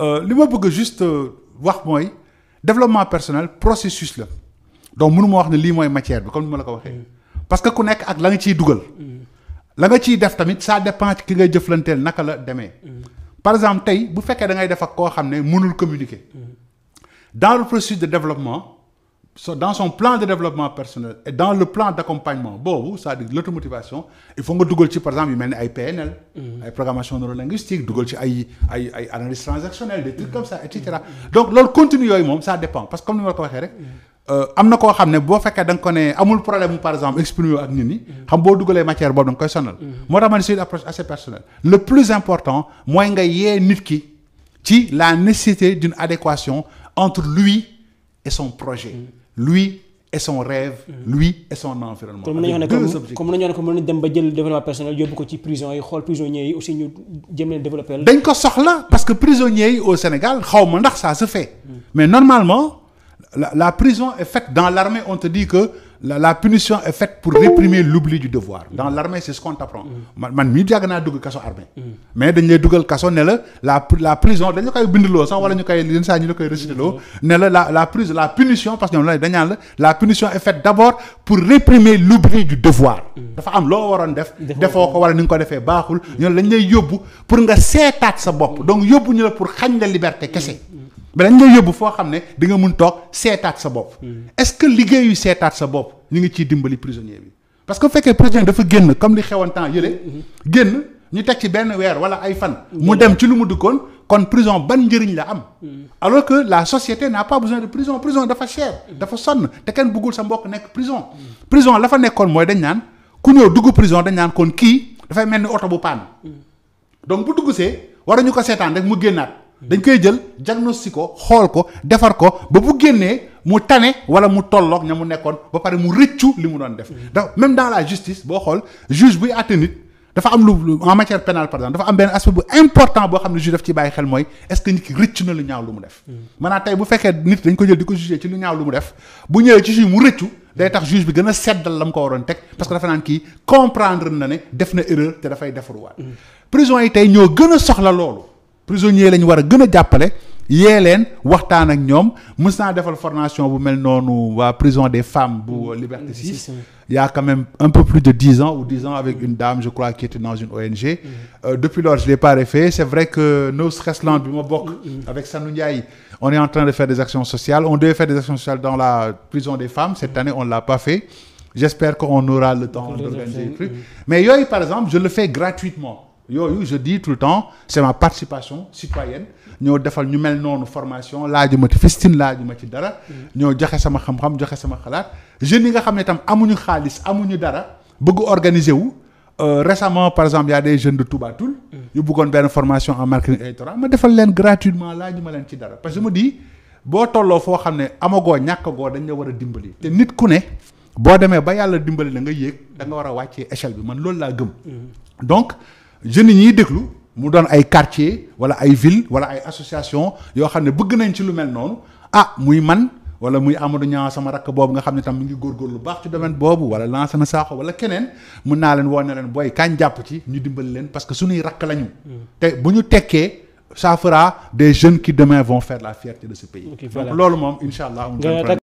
Euh, li ma bëgg juste euh, wax mooy développement personnel processus la donc mënuma wax ne lii mooy matière bi comme ni ma la ko waxee. parce que ku nekk ak la nga ciy dugal. la nga ciy def tamit saa dépend ki ngay jëflanteel naka la demee. par exemple tey bu fekkee da ngay def ak koo xam ne mënul communiquer. dans le processus de développement. dans son plan de développement personnel et dans le plan d'accompagnement boobu c'est-à-dire l'automotivation il faut nga dugal ci par exemple yu mel ni ay PNL ay programmation neurolinguistique dugal ci ay analyse transactionnelle des trucs comme ça et donc loolu continue yooyu moom sa dépend parce que comme ni ma la ko rek euh, am na koo xam ne boo fekkee da nga ko ne amul problème par exemple exprimer ak nit ñi xam boo dugalee matière boobu nga koy sonal moo tax la nécessité d'une entre lui son projet lui et son rêve. Mm. lui et son environnement. avec deux objectifs comme nañoo ne comme mën nañu dem ba jël développement personnel yóbbu ko ci prison yi xool prisonniers yi aussi ñu jëm leen développé. dañ ko soxla parce que prisonniers yi au Sénégal xaw ma ndax ça se fait. Mm. mais normalement la la prison est faite dans l'armée on te dit que. la la punition est faite pour réprimer l'oubli du devoir dans l'armée c'est ce qu'on t'apprend man man la la la prison koy bindloo sax wala ñu koy yenn saa la koy réciteloo la la la prise la punition la dañaan la la punition est faite d'abord pour réprimer l'oubli dafa am loo waroon def defoo ko wala ni nga ko defee baaxul ñoom dañ lay yóbbu pour nga seetaat sa bopp donc yóbbu ñu la pour xañ la liberté kese mais dañ nga yóbbu foo xam ne di nga mun toog seetaat sa bopp. Hmm. est-ce que liggéeyu seetaat sa bopp ñu ngi ciy dimbali prisonnier bi. parce que bu fekkee prisonnier dafa génn comme li xewoon temps yële. Hmm. génn ñu teg ci benn weer wala ay fan. mu hmm. dem ci lu mu dëkkoon kon prison ban njëriñ la am. alors que la société n'a pas besoin de prison prison dafa cher. dafa sonn te kenn bëggul sa mbokk nekk prison. prison la fa nekkoon mooy dañ naan ku ñëw dugg prison dañ naan kon kii dafay mel ni oto bu paan donc bu dugg see waruñu ko seetaan rek mu génnaat. dañ koy jël diagnostic ko xool ko defar ko ba bu génnee mu tane wala mu tolloog ña mu nekkoon ba pare mu rëccu li mu doon def. Mm-hmm. da même dans la justice boo xool juge buy àtte dafa am lu en matière pénale par exemple dafa am benn aspect bu important boo xam ne juge daf ci bàyyi xel mooy est-ce que nit ki rëccu na lu ñaaw lu mu def. Mm-hmm. maanaam tey bu fekkee nit dañ ko jël di ko jugé ci lu ñaaw lu mu def bu ñëwee ci juge mu rëccu. day tax juge bi gën a seddal la mu ko waroon teg parce que dafa naan kii comprendre ne def na erreur te dafay defaruwaat. Mm-hmm. prison yi tey ñoo gën a soxla loolu. prisonniers lañ war a gën a jàppale yee leen waxtaan ak ñoom mës naa defal formation bu mel noonu waa prison des femmes bu mm. Liberté 6 il y a quand même un peu plus de dix ans avec une dame je crois qui était dans une ONG mm. euh, depuis lors je l'ai pas refait c'est vrai que No Stress Land bi ma bokk mm, avec Sanou on est en train de faire des actions sociales on devait faire des actions sociales dans la prison des femmes cette année on l'a pas fait le temps je yooyu je dis tout le temps c'est ma participation citoyenne ñoo defal ñu mel noonu formation laajuma ci fistine laajuma ci dara mm. ñoo joxe sama xam-xam joxe sama xalaat jeunes yi nga xam ne tam amuñu xaalis amuñu dara bëgg organiser wu euh, récemment par exemple y a des jeunes de Touba Toul mm. yu bëggoon benn formation en marketing électoral ma defal leen gratuitement laajuma leen ci dara parce que je me boo tolloo foo xam ne amagoo ñàkkagoo dañ la war a dimbali te nit ku ne boo demee ba yàlla dimbali la nga yéeg da nga war a wàccee échelle bi man loolu laa gëm mm. jeunes yi ñuy déglu mu doon ay quartier wala ay ville wala ay association yoo xam ne bëgg nañ ci lu mel noonu ah muy man wala muy Amadou Niang sama rakk boobu nga xam ne tam mu ngi góorgóorlu lu baax ci domaine boobu wala lancé na saako wala keneen mun naa leen woo ne leen booy kañ jàpp ci ñu dimbali leen parce que suñuy rakk lañu. te bu ñu tekkee. ça fera des jeunes qui demain vont faire la fierté de ce pays. Okay, donc loolu moom incha allah.